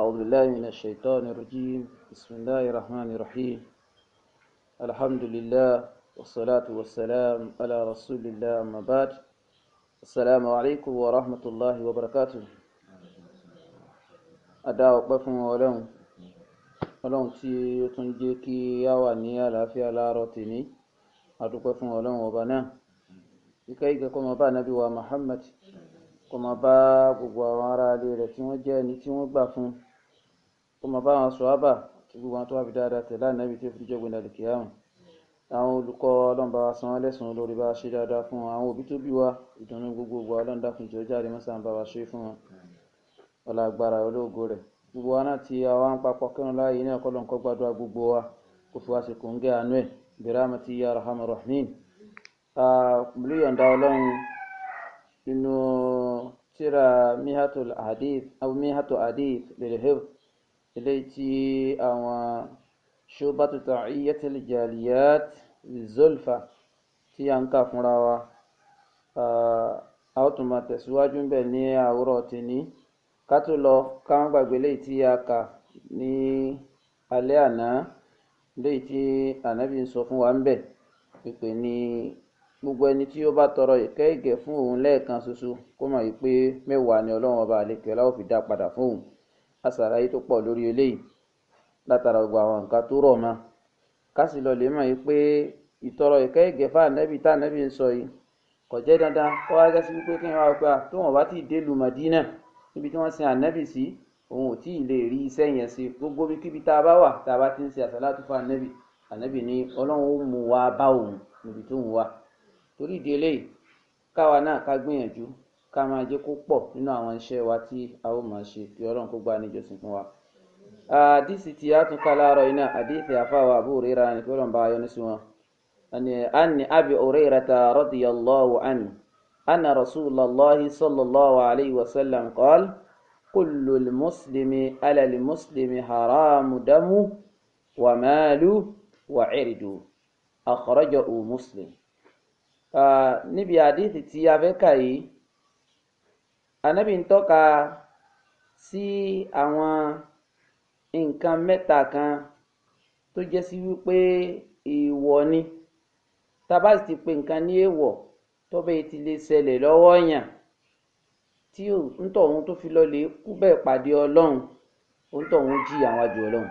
أعوذ بالله من الشيطان الرجيم بسم الله الرحمن الرحيم الحمد لله والصلاة والسلام على رسول الله أما بعد السلام عليكم ورحمة الله وبركاته adáwọ̀ pẹ́ fún ọlọ́run ọlọ́run tí ó tún jẹ́ kí á wà ní àlàáfíà láàárọ̀ tèmi adúpẹ́ fún ọlọ́run ọba náà ìkẹ́ ìkẹ́ kó máa bá ànábì wa Muhammad kó máa bá gbogbo àwọn ará ilé rẹ̀ tí wọ́n jẹ́ ẹni tí wọ́n gbà fún un kó máa bá àwọn sọ́ábà àti gbogbo àwọn tó wà fi dáadáa tẹ̀lé ànábì tí ó fi díjọ́ gbẹ̀dẹ̀ kìyàmù àwọn olùkọ́ ọlọ́run bá wa san wọ́n lẹ́sùn lórí bá a ṣe dáadáa fún wọn àwọn òbí tó bí wa ìdùnnú gbogbogbò ọlọ́run dákun jẹ́ jáde mọ́sá ń bá wa ṣe fún wọn ọlá agbára olóògo rẹ̀ gbogbo wa náà ti àwa ń papọ̀ kírun láàyè ní ọ̀kọ́ lọ́nkọ́ gbàdúrà gbogbo wa kó fi wá sí kòńgẹ́ àánú ẹ̀ bẹ̀rẹ̀ àmọ́ ti yá rahman rahmin pẹ̀lú yọ̀ǹda ọlọ́run nínú tíra mihatul hadith aw mihatul eléyìí tí àwọn ṣubatu ta'iyatil jaliyat zulfa tí a ń kà fúnra wa a ó tún máa tẹ̀síwájú bẹ̀ ní àwòrán tèmi ká tó lọ káwọn gbàgbé léyìí tí a kà ní alẹ́ àná léyìí tí ànábì ń sọ fún wa ń bẹ̀ pèpè ní gbogbo ẹni tí ó bá tọrọ ìkẹ́ ìgẹ̀ fún òun lẹ́ẹ̀kan ṣoṣo kó mọ̀ yìí pé mẹ́wàá ni ọlọ́run ọba àlekè láò fi dá padà fún òun àṣàlàyé tó pọ̀ lórí eléyìí látara gbogbo àwọn nǹkan tó rọ̀ mọ́ ká sì lọ lè mọ̀ yìí pé ìtọrọ ìkẹ́ ìgẹ́ fáà nẹ́bí tá nẹ́bí ń sọ yìí kò jẹ́ dandan kó wá gẹ́sí wípé kí wọ́n gba tó wọ́n bá ti dé lu Madina níbi tí wọ́n sin ànẹ́bì sí òun ò tí ì lè rí iṣẹ́ yẹn sí gbogbo bí kíbi tá a bá wà tá a bá ti ń ṣe àsàlátù fún ànẹ́bì ànẹ́bì ni Ọlọ́run ó mú wa bá òun níbi tó ń wà torí ìdí káwa náà ká gbìyànjú ká máa jẹ́ kó pọ̀ nínú àwọn iṣẹ́ wa tí a ó máa ṣe kí ọlọ́run kó gbà níjọsìn fún wa. àdìsí tí a tún ká láàárọ̀ iná àdìsí àfáwà Abu Huraira ni kí ọlọ́run bá yọ ní sí wọn. anni Abi Hurairata radiyallahu anhu anna Rasulullahi sallallahu alayhi wa sallam qala kullu al-muslimi ala al-muslimi haramu damu wa maalu wa irdu akhrajahu níbi àdìsí tí a yìí ànábì ń tọ́ka sí àwọn nǹkan mẹ́ta kan tó jẹ́ sí wípé èèwọ̀ ni tá a bá sì ti pe nǹkan ní èèwọ̀ tọ́bẹ̀ ti lè ṣẹlẹ̀ lọ́wọ́ yàn tí ntọ̀hún tó fi lọlé kú bẹ́ẹ̀ pàdé ọlọ́run ntọ̀hún jí àwọn àjò ọlọ́run.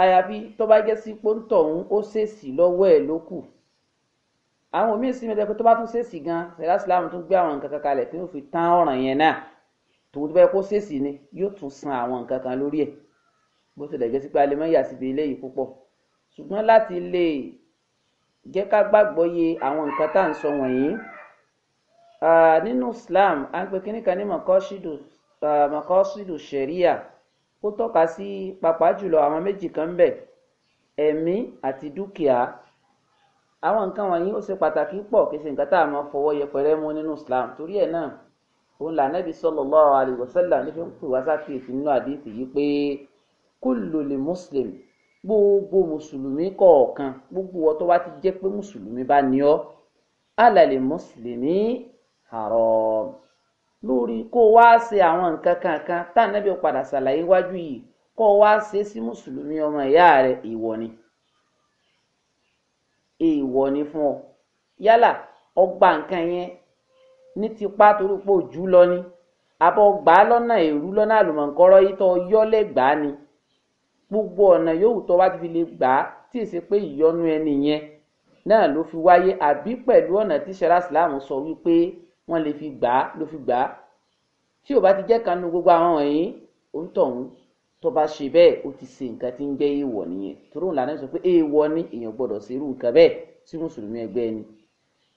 àyàfi tó jẹ́ sí pé ntọ̀hún ó ṣèṣì lọ́wọ́ ẹ̀ ló kù àwọn míín sí mẹtẹ pé tó bá tún ṣèèṣì gan sẹlá sílámù tún gbé àwọn nǹkan kan kalẹ̀ tí wọn fi tán ọ̀ràn yẹn náà tòun tó bá yẹ kó ṣèèṣì ni yóò tún san àwọn nǹkan kan lórí ẹ̀ bó tilẹ̀ jẹ́ sí pé alẹ́ mọ́yà síbi eléyìí púpọ̀ ṣùgbọ́n láti lè jẹ́ ká gbàgbọ́ yé àwọn nǹkan tá à ń sọ wọ̀nyí nínú Islam à ń pè kíní kan ní makọ́sídù ṣẹ̀ríà ó tọ́ka sí pàápàá jùlọ àwọn méjì kan bẹ̀ ẹ̀mí àti dúkìá àwọn nǹkan wọ̀nyí ó ṣe pàtàkì pọ̀ kì í ṣe nǹkan tá a máa fọwọ́ yẹpẹrẹ mú nínú Islam torí ẹ̀ náà òun là nẹ́bi sallallahu alaihi wasallam ní fi ń pè wá sákìyèsí nínú àdéhìí yìí pé kullu li muslim gbogbo mùsùlùmí kọ̀ọ̀kan gbogbo wọn tó bá ti jẹ́ pé mùsùlùmí bá ní ọ́ ala li muslimi lórí kó wá ṣe àwọn nǹkan kankan tá a nẹ́bi padà ṣàlàyé wájú yìí kó wá ṣe sí mùsùlùmí ọmọ ìyá rẹ̀ ìwọ ni èèwọ̀ ni fún ọ yálà ọgbà nǹkan yẹn ní tipa torí pé òjú lọ ni àbọ̀ gbà á lọ́nà èrú lọ́nà àlùmọ̀ǹkọ́rọ́ yìí tó yọ́lẹ̀ gbà á ni gbogbo ọ̀nà yòówù tó wá ti fi lè gbà á tí ì ṣe pé ìyọnu ẹni yẹn náà ló fi wáyé àbí pẹ̀lú ọ̀nà tí sẹ́rà síláàmù sọ wípé wọ́n lè fi gbà á ló fi gbà á tí ò bá ti jẹ́ kanú gbogbo àwọn wọ̀nyí òǹtọ̀hún tó bá ṣe bẹ́ẹ̀ ó ti ṣe nǹkan tí ń jẹ́ èèwọ̀ nìyẹn tóró ńlá náà sọ pé èèwọ̀ ni èèyàn gbọ́dọ̀ ṣe irú nǹkan bẹ́ẹ̀ sí mùsùlùmí ẹgbẹ́ ni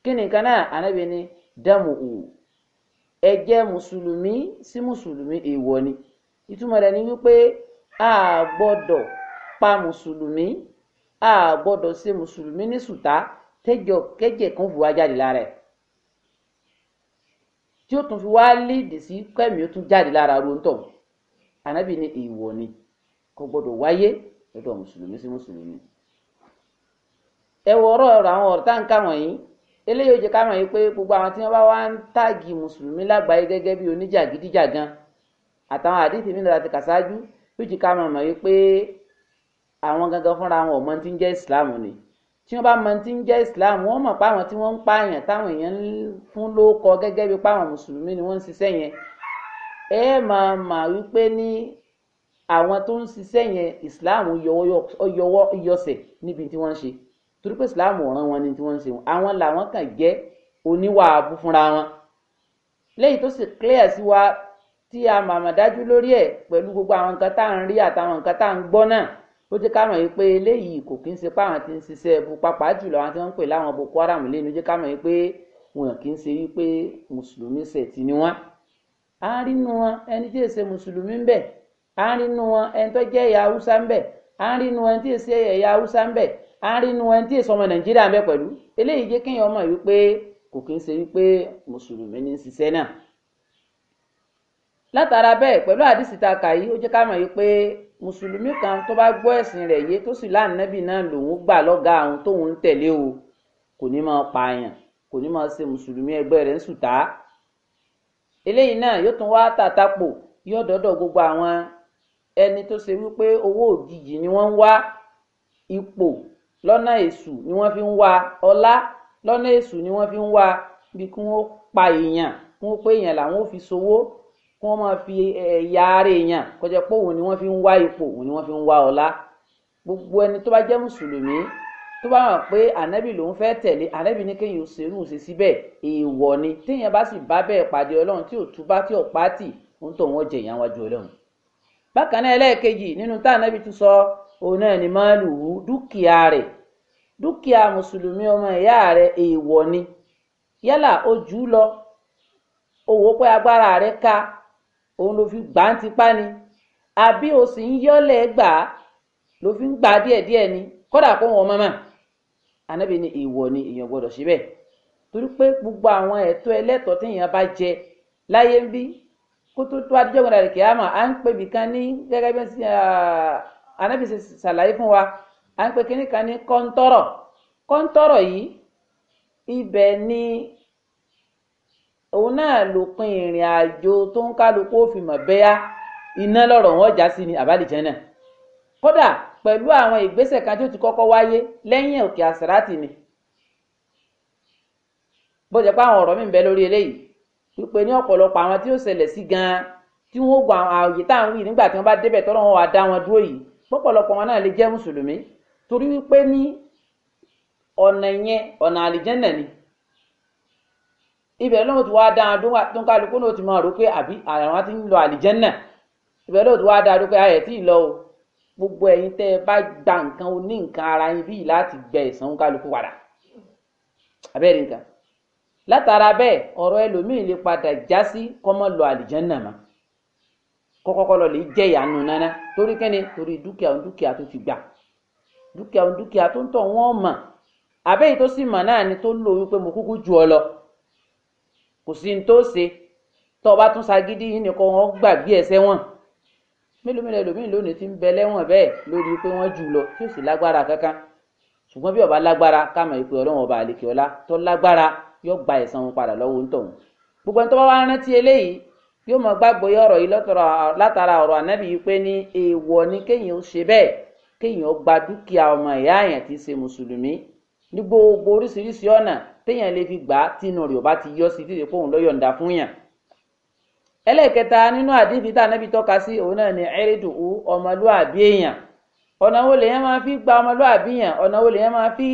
kí ni nǹkan náà ànábì ni dáàmú o ẹ̀jẹ̀ mùsùlùmí sí mùsùlùmí èèwọ̀ ni ìtumọ̀ rẹ̀ ni wípé a gbọ́dọ̀ pa mùsùlùmí a gbọ́dọ̀ ṣe mùsùlùmí ní sùtá tẹ́jọ kẹ́jẹ̀ kan fò jáde lára ẹ̀ tí ó tún fi wá léèdè sí kẹ́mi ó tún jáde lára ronú tọ̀hún anábì ní ìwọ ni kò gbọdọ̀ wáyé lọ́dọ̀ mùsùlùmí sí mùsùlùmí. ẹ wọ ọ̀rọ̀ ọ̀rọ̀ àwọn ọ̀rọ̀ táǹkà wọ̀nyí eléyìí ó jẹ́ ká mọ̀ yìí pé gbogbo àwọn tí wọ́n bá wá ń táàgì mùsùlùmí lágbàáyé gẹ́gẹ́ bí oníjàgídíjàgan àtàwọn àdìsí mi láti kà sáájú yóò jẹ́ ká mọ̀ yìí pé àwọn gangan fúnra wọn ò mọ ti ń jẹ́ islam ni tí wọ́n bá mọ ti ń jẹ́ islam wọ́n mọ̀ pé àwọn tí wọ́n ń pààyàn táwọn èèyàn fún lóko gẹ́gẹ́ bí pàwọn mùsùlùmí ni wọ́n ń ṣiṣẹ́ yẹn ẹ máa mà wípé ní àwọn tó ń ṣiṣẹ yẹn islam yọwọ yọsẹ níbi tí wọn ń ṣe torí pé islam ọ̀ràn wọn ni tí wọn ń ṣe wọn àwọn làwọn kàn jẹ oníwà abú fúnra wọn lẹ́yìn tó sì clear sí wa tí a màmá dájú lórí ẹ pẹ̀lú gbogbo àwọn nǹkan tá à ń rí àtàwọn nǹkan tá à ń gbọ́ náà ó jẹ́ ká mọ̀ yìí pé eléyìí kò kí ń ṣe páwọn ti ń ṣiṣẹ́ ẹbú pàápàá jùlọ àwọn tí wọ́n ń pè láwọn Boko Haram lẹ́nu jẹ́ ká mọ̀ yìí pé wọn kì í ṣe wípé mùsùlùmí ṣẹ̀ tí ni wọ́n á rí nu wọn ẹni tí èsè mùsùlùmí ń bẹ á rí nu wọn ẹni tó jẹ́ ẹ̀yà haúsá ń bẹ á rí nu ẹni tí èsè ẹ̀yà haúsá ń bẹ á rí nu ẹni tí èsè ọmọ nàìjíríà ń bẹ pẹ̀lú eléyìí jẹ́ kéèyàn mọ̀ wípé kò kí ń ṣe wípé mùsùlùmí ní ṣiṣẹ́ náà látara bẹ́ẹ̀ pẹ̀lú àdìsí ta kà yìí ó jẹ́ ká mọ̀ wípé mùsùlùmí kan tó bá gbọ́ ẹ̀sìn rẹ̀ yé tó sì láàánábì náà lòun gbà lọ́gàá àwọn tóun ń o kò ní máa pààyàn kò ní máa ṣe mùsùlùmí ẹgbẹ́ rẹ̀ ń sùtá eléyìí náà yóò tún wá tàtàpọ yóò dọdọ gbogbo àwọn ẹni tó ṣe wípé owó òjijì ni wọn ń wá ipò lọnà èṣù ni wọn fi ń wá ọlá lọnà èṣù ni wọn fi ń wá bí kí wọn pa èèyàn kí wọn pé èèyàn làwọn ò fi ṣòwò kí wọn máa fi ẹ̀yà eh, ara èèyàn kọjá pé òun ni wọn fi ń wá ipò òun ni wọn fi ń wá ọlá gbogbo ẹni tó bá jẹ mùsùlùmí tó bá hàn pé ànábì lòún fẹ́ tẹ̀lé ànábì ní kéèyàn ò ṣerú ṣe síbẹ̀ èèwọ̀ ni téèyàn bá sì bá bẹ́ẹ̀ pàdé ọlọ́run tí ò túbá tí ò pátì ń tó wọn jẹ ìyàn wájú ọlọ́run. bákan náà ẹlẹ́ẹ̀kejì nínú tá ànábì tún sọ òun náà ni máa lù ú dúkìá rẹ̀ dúkìá mùsùlùmí ọmọ ìyá rẹ̀ èèwọ̀ ni yálà ó lọ owó pé agbára rẹ̀ ká òun ló fi gbà ń tipá ni àbí o sì ń yọ́lẹ̀ gbà ló fi ń gbà díẹ̀díẹ̀ ni kódà kó wọn mọ́mọ́ ànábì ní èèwọ̀ ni èèyàn gbọ́dọ̀ ṣe bẹ́ẹ̀ torí pé gbogbo àwọn ẹ̀tọ́ ẹlẹ́tọ̀ọ́ tí èèyàn bá jẹ láyé ń bí kó tó tó adéjọba rẹ kì í àmọ́ à ń pè bì kan ní gẹ́gẹ́ bí ànábì ṣe ṣàlàyé fún wa à ń pè kínní kan ní kọ́ńtọ́rọ̀ kọ́ńtọ́rọ̀ yìí ibẹ̀ ni òun náà lópin ìrìn àjò tó ń kálukú òfin mọ̀ bẹ́yà iná lọ́rọ̀ wọn já sí ni àbálìjẹ́ náà kódà pẹ̀lú àwọn ìgbésẹ̀ kan tó ti kọ́kọ́ wáyé lẹ́yìn òkè àsìrátì ni bó jẹ́ pé àwọn ọ̀rọ̀ mi ń bẹ lórí eléyìí pípé ní ọ̀pọ̀lọpọ̀ àwọn tí ó ṣẹlẹ̀ sí gan-an tí wọ́n gba àyè tá à ń wí nígbà tí wọ́n bá débẹ̀ tọ́lọ́ wọn wà dá wọn dúró yìí pọ̀pọ̀lọpọ̀ wọn náà lè jẹ́ mùsùlùmí torí wípé ní ọ̀nà yẹn ọ̀nà àlìjẹ́nà ni ibẹ̀ lóun ti wá dá wọn tó ń kálukú náà ti máa rò pé àbí àwọn ti ń lọ àlìjẹ́nà ibẹ̀ lóun ti wá dá wọn pé ayẹ̀ tí ì lọ o gbogbo ẹ̀yin tẹ́ ẹ bá gba nǹkan oní nǹkan ara yín bíi láti gbẹ ìsanwó kálukú padà abẹ́rẹ́ nǹkan látara bẹ́ẹ̀ ọ̀rọ̀ ẹlòmíì lè padà já sí kọ́mọ́ lọ àlìjánná mọ́ kọ́kọ́kọ́ lọ lè jẹ́ ìyanu nana torí kẹ́ni torí dúkìá òun dúkìá tó ti gbà dúkìá dúkìá tó ń tọ̀ wọ́n mọ̀ àbẹ́yìí tó sì mọ̀ náà ni tó lò wípé mo kúkú ju ọ lọ kò sí ní tó ṣe tó o bá tún ṣagídí yìí nìkan wọn gbàgbé ẹsẹ̀ wọn mélòó mélòó ẹlòmíín lónìí ti ń bẹ lẹ́wọ̀n bẹ́ẹ̀ lórí pé wọ́n jù lọ tí ò sì lágbára kankan ṣùgbọ́n bí ọba lágbára ká mọ̀ pé ọlọ́run ọba àlekè ọlá tó lágbára yóò gba ẹ̀san wọn padà lọ́wọ́ ń tọ̀hún gbogbo ẹni tó bá wá rántí eléyìí yóò mọ gbàgbọ́ yọ ọ̀rọ̀ yìí lọ́tọ̀rọ̀ látara ọ̀rọ̀ ànábì yìí pé ní èèwọ̀ ni kéèyàn ó ṣe bẹ́ẹ̀ kéèyàn gba dúkìá ọmọ ìyá àyàn tí í ṣe mùsùlùmí ní gbogbo oríṣiríṣi ọ̀nà téèyàn lè fi gbà á tínú rẹ̀ ò bá ti yọ sí títí fóun lọ́yọ̀ǹda ẹlẹ́ẹ̀kẹta nínú àdìbí tá anábì tọ́ka sí òun náà ni ẹ̀rẹ́dù ú ọmọlúàbí èèyàn ọ̀nà wo lèèyàn máa fi gba ọmọlúàbí yàn ọ̀nà wo lèèyàn máa fi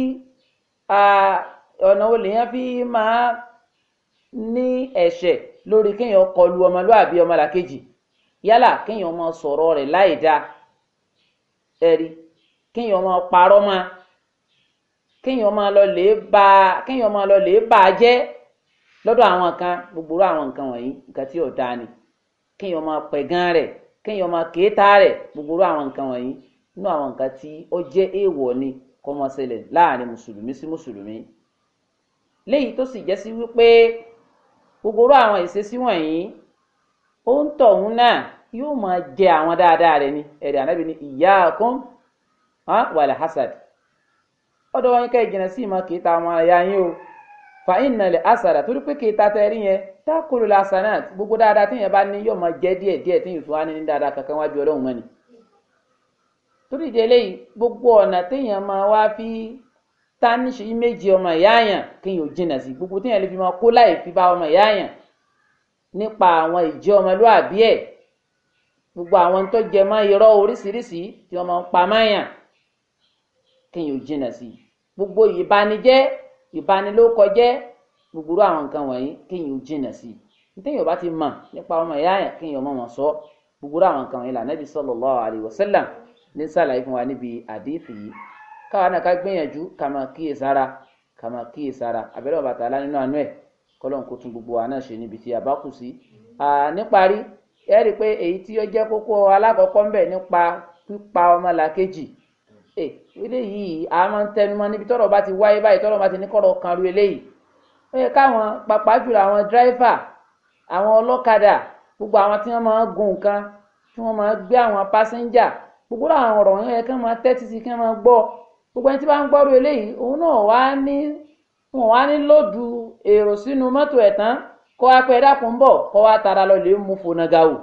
ọ̀nà wo lèèyàn fi máa ní ẹ̀ṣẹ̀ lórí kéèyàn kọlu ọmọlúàbí ọmọlàkejì yálà kéèyàn máa sọ̀rọ̀ rẹ̀ láì dáa ẹ̀rí kéèyàn máa parọ́ máa kéèyàn máa lọ lè bá kéèyàn máa lọ lè bá a jẹ́ lọ́dọ̀ àwọn kan gbogbo àwọn nǹkan wọ̀nyí nǹkan tí ò dáa ni kéèyàn máa pẹ̀gàn rẹ̀ kéèyàn máa kéétà rẹ̀ gbogbo àwọn nǹkan wọ̀nyí nínú àwọn nǹkan tí ó jẹ́ èèwọ̀ ni kó máa ṣẹlẹ̀ láàrin mùsùlùmí sí mùsùlùmí léyìí tó sì jẹ́ sí wípé gbogbo àwọn ìṣesí wọ̀nyí ó ń tọ̀hún náà yóò máa jẹ àwọn dáadáa rẹ ni ẹ̀rẹ̀ ànábì ni iyyakum wal hasad ọ̀dọ̀ wọn kẹ́ ìjìnà sí ìmọ̀ kìí ta àwọn ará yín o fa iná le asara torí pé kìí tatẹ rí yẹn tákòló la sanat gbogbo dáadáa tí yẹn bá ní yóò máa jẹ díẹ̀ díẹ̀ tí yìí fún wa ní dáadáa kankan wájú Ọlọ́run mọ ni torí ìdí eléyìí gbogbo ọ̀nà téèyàn máa wá fi táníṣe méjì ọmọ ìyá àyàn kéèyàn ò jìnnà sí gbogbo téèyàn lè fi máa kó láì fi bá ọmọ ìyá nípa àwọn ìjẹ́ ọmọlúàbí ẹ̀ gbogbo àwọn tó jẹ mọ́ irọ́ oríṣiríṣi tí wọ́n máa ń pa máyàn kéèyàn ò jìnnà sí gbogbo ìbànújẹ́ ìbanilórúkọjẹ́ gbogbo àwọn nǹkan wọ̀nyí kéèyàn ó jìnà sí i téèyàn bá ti mọ̀ nípa ọmọ ìyá yẹn kéèyàn mọ̀ wọ́n sọ gbogbo àwọn nǹkan wọ̀nyí lànà ibi sallallahu alaihi wasallam ní sàlàyé fún wa níbi àdéhìfì yìí káwa náà ká gbìyànjú ká máa kíyè sára ká máa kíyè sára abẹ́rẹ́ ọba tààlà nínú àánú ẹ̀ kọ́lọ́n kó tún gbogbo wa ṣe níbi tí a bá kù sí. níparí ẹ rí i pé èyí tí ó jẹ́ kókó alákọ̀ọ́kọ́ ń nípa pípa ọmọlàkejì eléyìí a máa ń tẹnumọ́ níbi tọ́rọ̀ bá ti wáyé báyìí tọ́rọ̀ bá ti ní kọ̀rọ̀ kan ru eléyìí ó yẹ káwọn pàápàá jùlọ àwọn dírẹ́fà àwọn ọlọ́kadà gbogbo àwọn tí wọ́n máa ń gun nǹkan tí wọ́n máa ń gbé àwọn pásẹ́ńjà gbogbo àwọn ọ̀rọ̀ yẹn yẹ kí wọ́n máa tẹ́tí sí kí wọ́n máa gbọ́ gbogbo ẹni tí bá ń gbọ́rú eléyìí òun náà wá ní wọn wá ní lòdù èrò sínú mọ́tò ẹ̀ tán kó wá pẹ́ dákun bọ̀ kó wá tara lọ lè mú fonagawò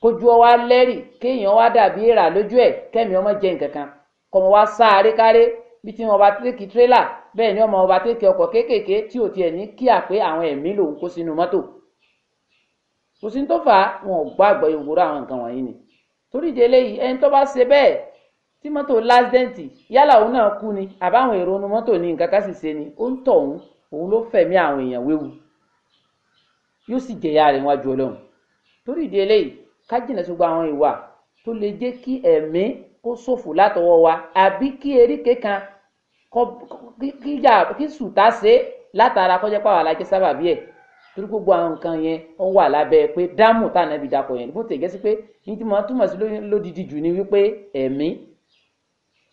kójú ọ wá lẹ́rì kéèyàn wá dàbí èèrà lójú ẹ̀ kẹ́mi ọmọ jẹ nǹkan kan kọmọ wa sá arékáré bí tí wọn bá tẹ́kì tírélà bẹ́ẹ̀ ni ọmọ ọba tẹ́kì ọkọ̀ kéékèèké tí ò tiẹ̀ ní kíà pé àwọn ẹ̀mí lòun kó sínú mọ́tò kò sí tó fà á wọn ò gbọ́ àgbọ̀yé òwúrò àwọn nǹkan wọ̀nyí ni torí ìdí eléyìí ẹni tó bá ṣe bẹ́ẹ̀ tí mọ́tò lásìdẹ́ǹtì yálà òun náà kú ni àbáwọn èrò onú mọ́tò ní nǹkan ká sì ṣe ni ó ń tọ̀ òun òun ló fẹ̀mí àwọn èèyàn wéwu yóò sì jẹ̀yà rẹ̀ wájú ọlọ́run torí ìdí eléyìí ká jìnà sí gbogbo àwọn ìwà tó lè jẹ́ kí ẹ̀mí kó ṣòfò látọwọ́ wa àbí kí eríkè kan kí sùtá ṣe látara kọjá pàwọn alájẹ sábàbí ẹ̀ torí gbogbo àwọn nǹkan yẹn ó wà lábẹ́ pé dáàmú tànà ibi dapò yẹn bó ti gẹ́sí pé ní tí mo túmọ̀ sí lódìdí jù ni wípé ẹ̀mí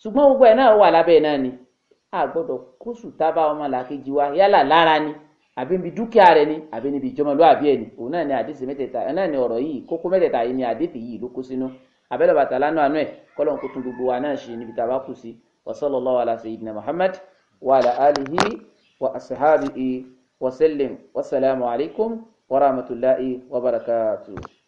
ṣùgbọ́n gbogbo ẹ̀ náà wà lábẹ́ náà ni a gbọ́dọ̀ kó sùtá bá ọmọ làkejì wa yálà lára ni àbí níbi dúkìá rẹ ni àbí níbi ìjọmọlúwàbí ẹ̀ ni òun náà ni àdìsí mẹ́tẹ̀ẹ̀ta náà ni ọ̀rọ̀ yìí kókó mẹ́tẹ̀ẹ̀ta yìí ni àdìsí yìí ló kó sínú abẹ́lẹ̀ bàtà lánàá àánú ẹ̀ kọ́lọ́n kó tún gbogbo wa náà ṣe níbi tá a bá kù sí wa sallallahu ala sayyidina muhammad wa